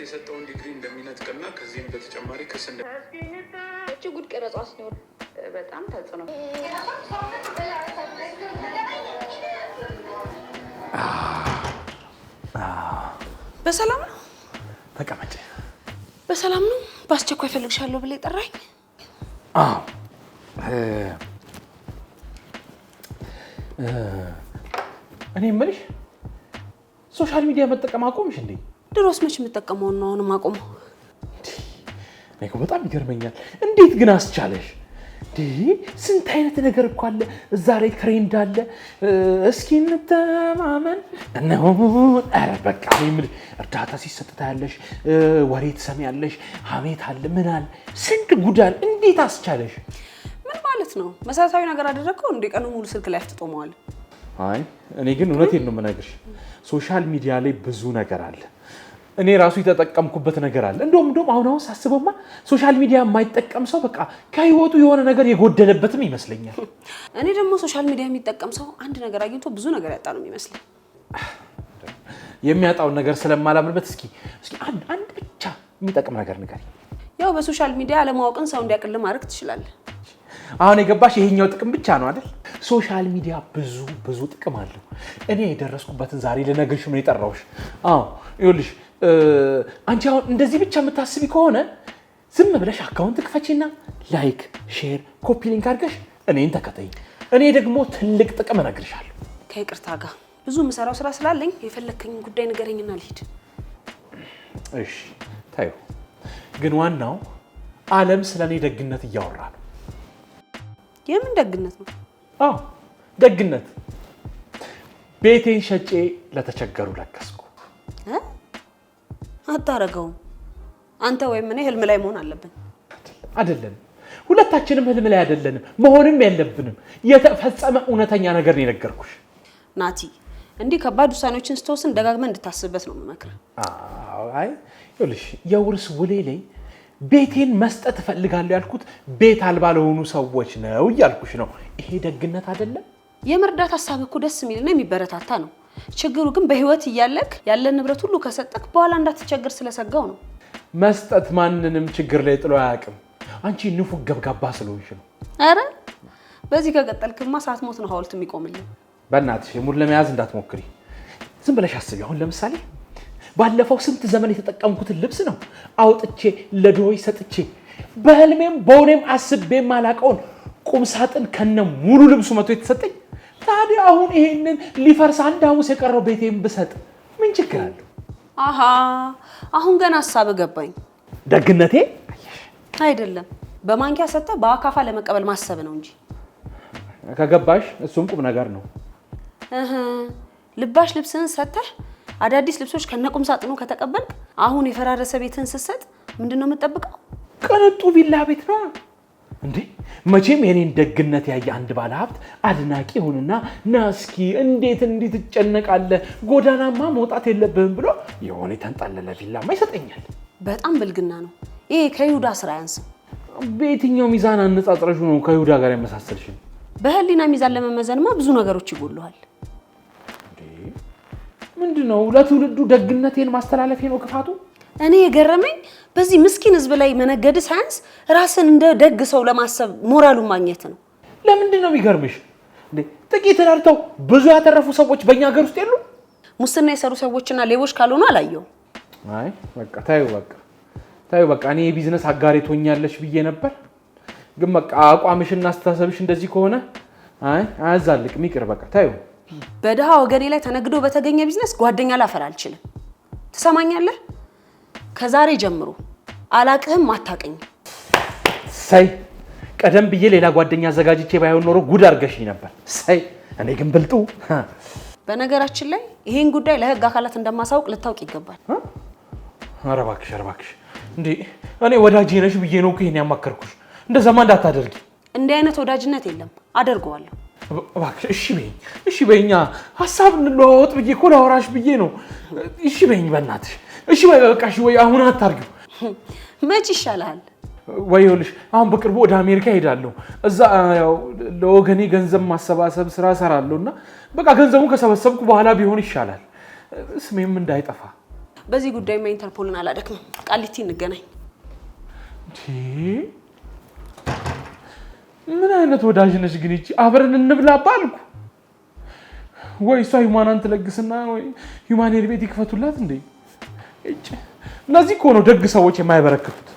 የሰጠውን ዲግሪ እንደሚነጥቅና ከዚህም በተጨማሪ ክስ ጉድ ቀረጻ ሲኖር በጣም ተጽዕኖ በሰላም ተቀመጭ። በሰላም ነው? በአስቸኳይ እፈልግሻለሁ ብለህ የጠራኝ? አዎ እኔ የምልሽ ሶሻል ሚዲያ መጠቀም አቆምሽ እንዴ? ድሮስ መች የምጠቀመውን ነው አሁንም አቆመው። በጣም ይገርመኛል። እንዴት ግን አስቻለሽ? ስንት አይነት ነገር እኮ አለ እዛ ላይ ትሬንድ አለ። እስኪ እንተማመን ነው። ኧረ በቃ እርዳታ ሲሰጥታ ያለሽ ወሬ ትሰሚያለሽ፣ ሀሜት አለ ምናል ስንት እንዴት አስቻለሽ? ምን ማለት ነው? መሰረታዊ ነገር አደረግከው እንደ ቀኑ ሙሉ ስልክ ላይ አፍጥጦመዋል። አይ እኔ ግን እውነቴን ነው የምነግርሽ፣ ሶሻል ሚዲያ ላይ ብዙ ነገር አለ እኔ ራሱ የተጠቀምኩበት ነገር አለ። እንደውም እንደውም አሁን አሁን ሳስበማ ሶሻል ሚዲያ የማይጠቀም ሰው በቃ ከህይወቱ የሆነ ነገር የጎደለበትም ይመስለኛል። እኔ ደግሞ ሶሻል ሚዲያ የሚጠቀም ሰው አንድ ነገር አግኝቶ ብዙ ነገር ያጣ ነው የሚመስለኝ። የሚያጣውን ነገር ስለማላምንበት እስኪ እስኪ አንድ አንድ ብቻ የሚጠቅም ነገር ንገሪኝ። ያው በሶሻል ሚዲያ አለማወቅን ሰው እንዲያቅል ማድረግ ትችላለህ። አሁን የገባሽ ይሄኛው ጥቅም ብቻ ነው አይደል? ሶሻል ሚዲያ ብዙ ብዙ ጥቅም አለው። እኔ የደረስኩበትን ዛሬ ልነግርሽ ነው የጠራሁሽ። አዎ ይኸውልሽ አንቺ አሁን እንደዚህ ብቻ የምታስቢ ከሆነ ዝም ብለሽ አካውንት ክፈቺና ላይክ፣ ሼር፣ ኮፒ ሊንክ አድርገሽ እኔን ተከተይ። እኔ ደግሞ ትልቅ ጥቅም እነግርሻለሁ። ከይቅርታ ጋር ብዙ የምሰራው ስራ ስላለኝ የፈለግከኝ ጉዳይ ንገረኝና ልሂድ። እሺ ታዩ። ግን ዋናው አለም ስለ እኔ ደግነት እያወራ ነው። የምን ደግነት ነው? አዎ ደግነት። ቤቴን ሸጬ ለተቸገሩ ለገስኩ። አታረገውም። አንተ ወይም እኔ ህልም ላይ መሆን አለብን አይደለም? ሁለታችንም ህልም ላይ አይደለንም፣ መሆንም የለብንም። የተፈጸመ እውነተኛ ነገር ነው የነገርኩሽ ናቲ። እንዲህ ከባድ ውሳኔዎችን ስትወስን ደጋግመ እንድታስብበት ነው የምመክረው። አይ ይኸውልሽ፣ የውርስ ውሌ ላይ ቤቴን መስጠት እፈልጋለሁ ያልኩት ቤት አልባ ለሆኑ ሰዎች ነው እያልኩሽ ነው። ይሄ ደግነት አይደለም? የመርዳት ሀሳብ እኮ ደስ የሚልና የሚበረታታ ነው። ችግሩ ግን በህይወት እያለክ ያለን ንብረት ሁሉ ከሰጠክ በኋላ እንዳትቸግር ስለሰጋው ነው። መስጠት ማንንም ችግር ላይ ጥሎ አያውቅም። አንቺ ንፉግ ገብጋባ ስለሆንሽ ነው። አረ በዚህ ከቀጠልክማ ሰዓት ሞት ነው ሀውልት የሚቆምልኝ። በእናትሽ ሙድ ለመያዝ እንዳትሞክሪ። ዝም ብለሽ አስቢ። አሁን ለምሳሌ ባለፈው ስንት ዘመን የተጠቀምኩትን ልብስ ነው አውጥቼ ለድሆች ሰጥቼ በህልሜም በውኔም አስቤ አላቀውን ቁም ሳጥን ከነ ሙሉ ልብሱ መቶ የተሰጠኝ ታዲያ አሁን ይሄንን ሊፈርስ አንድ አውስ የቀረው ቤቴን ብሰጥ ምን ችግር አለው? አሀ አሁን ገና ሀሳብ ገባኝ። ደግነቴ አይደለም በማንኪያ ሰጠ በአካፋ ለመቀበል ማሰብ ነው እንጂ ከገባሽ፣ እሱም ቁም ነገር ነው። ልባሽ ልብስህን ሰጥተህ አዳዲስ ልብሶች ከነቁም ሳጥኑ ከተቀበልክ አሁን የፈራረሰ ቤትህን ስትሰጥ ምንድን ነው የምጠብቀው? ቅንጡ ቪላ ቤት ነው። እንዴ መቼም የኔን ደግነት ያየ አንድ ባለ ሀብት አድናቂ ይሁንና ናስኪ እንዴት እንዴት እንዲህ ትጨነቃለህ ጎዳናማ መውጣት የለብህም ብሎ የሆነ የተንጣለለ ቪላማ ይሰጠኛል። በጣም ብልግና ነው ይህ ከይሁዳ ስራ ያንስ። በየትኛው ሚዛን አነጻጽረሹ ነው ከይሁዳ ጋር ያመሳሰልሽን? በህሊና ሚዛን ለመመዘንማ ብዙ ነገሮች ይጎልሃል። ምንድነው? ለትውልዱ ደግነቴን ማስተላለፌ ነው ክፋቱ። እኔ የገረመኝ በዚህ ምስኪን ህዝብ ላይ መነገድ ሳያንስ ራስን እንደ ደግ ሰው ለማሰብ ሞራሉን ማግኘት ነው። ለምንድን ነው የሚገርምሽ? ጥቂት ተዳርተው ብዙ ያተረፉ ሰዎች በእኛ ሀገር ውስጥ የሉ። ሙስና የሰሩ ሰዎችና ሌቦች ካልሆኑ አላየው። አይ በቃ ታዩ፣ በቃ ታዩ፣ በቃ እኔ የቢዝነስ አጋሬ ትሆኛለሽ ብዬ ነበር፣ ግን በቃ አቋምሽና አስተሳሰብሽ እንደዚህ ከሆነ አይ አያዛልቅ ሚቅር በቃ ታዩ። በድሃ ወገኔ ላይ ተነግዶ በተገኘ ቢዝነስ ጓደኛ ላፈር አልችልም። ትሰማኛለህ? ከዛሬ ጀምሮ አላቅህም፣ አታቀኝ። ሰይ ቀደም ብዬ ሌላ ጓደኛ አዘጋጅቼ ባይሆን ኖሮ ጉድ አድርገሽኝ ነበር። ሰይ እኔ ግን ብልጡ። በነገራችን ላይ ይሄን ጉዳይ ለህግ አካላት እንደማሳውቅ ልታውቅ ይገባል። ኧረ እባክሽ፣ ኧረ እባክሽ እንዴ! እኔ ወዳጅ ነሽ ብዬ ነው ይሄን ያማከርኩሽ። እንደዛማ እንዳታደርጊ። እንዲህ አይነት ወዳጅነት የለም። አደርገዋለሁ። እባክሽ እሺ በይኝ፣ እሺ በይኛ ሀሳብ እንለዋወጥ ብዬ እኮ ላወራሽ ብዬ ነው። እሺ በይኝ በእናትሽ እሺ ወይ በቃ እሺ፣ ወይ አሁን አታርጊው። መች ይሻላል ወይ? ይኸውልሽ አሁን በቅርቡ ወደ አሜሪካ ሄዳለሁ። እዛ ያው ለወገኔ ገንዘብ ማሰባሰብ ስራ እሰራለሁ እና በቃ ገንዘቡን ከሰበሰብኩ በኋላ ቢሆን ይሻላል፣ ስሜም እንዳይጠፋ። በዚህ ጉዳይማ ኢንተርፖልን አላደክምም። ቃሊቲ እንገናኝ። ምን አይነት ወዳጅ ነች ግን ይቺ! አብረን እንብላባ አልኩ ወይ እሷ ሂማናን ትለግስና ወይ ሂማን ቤት ይክፈቱላት እንዴ እነዚህ እኮ ደግ ሰዎች የማይበረክቱት።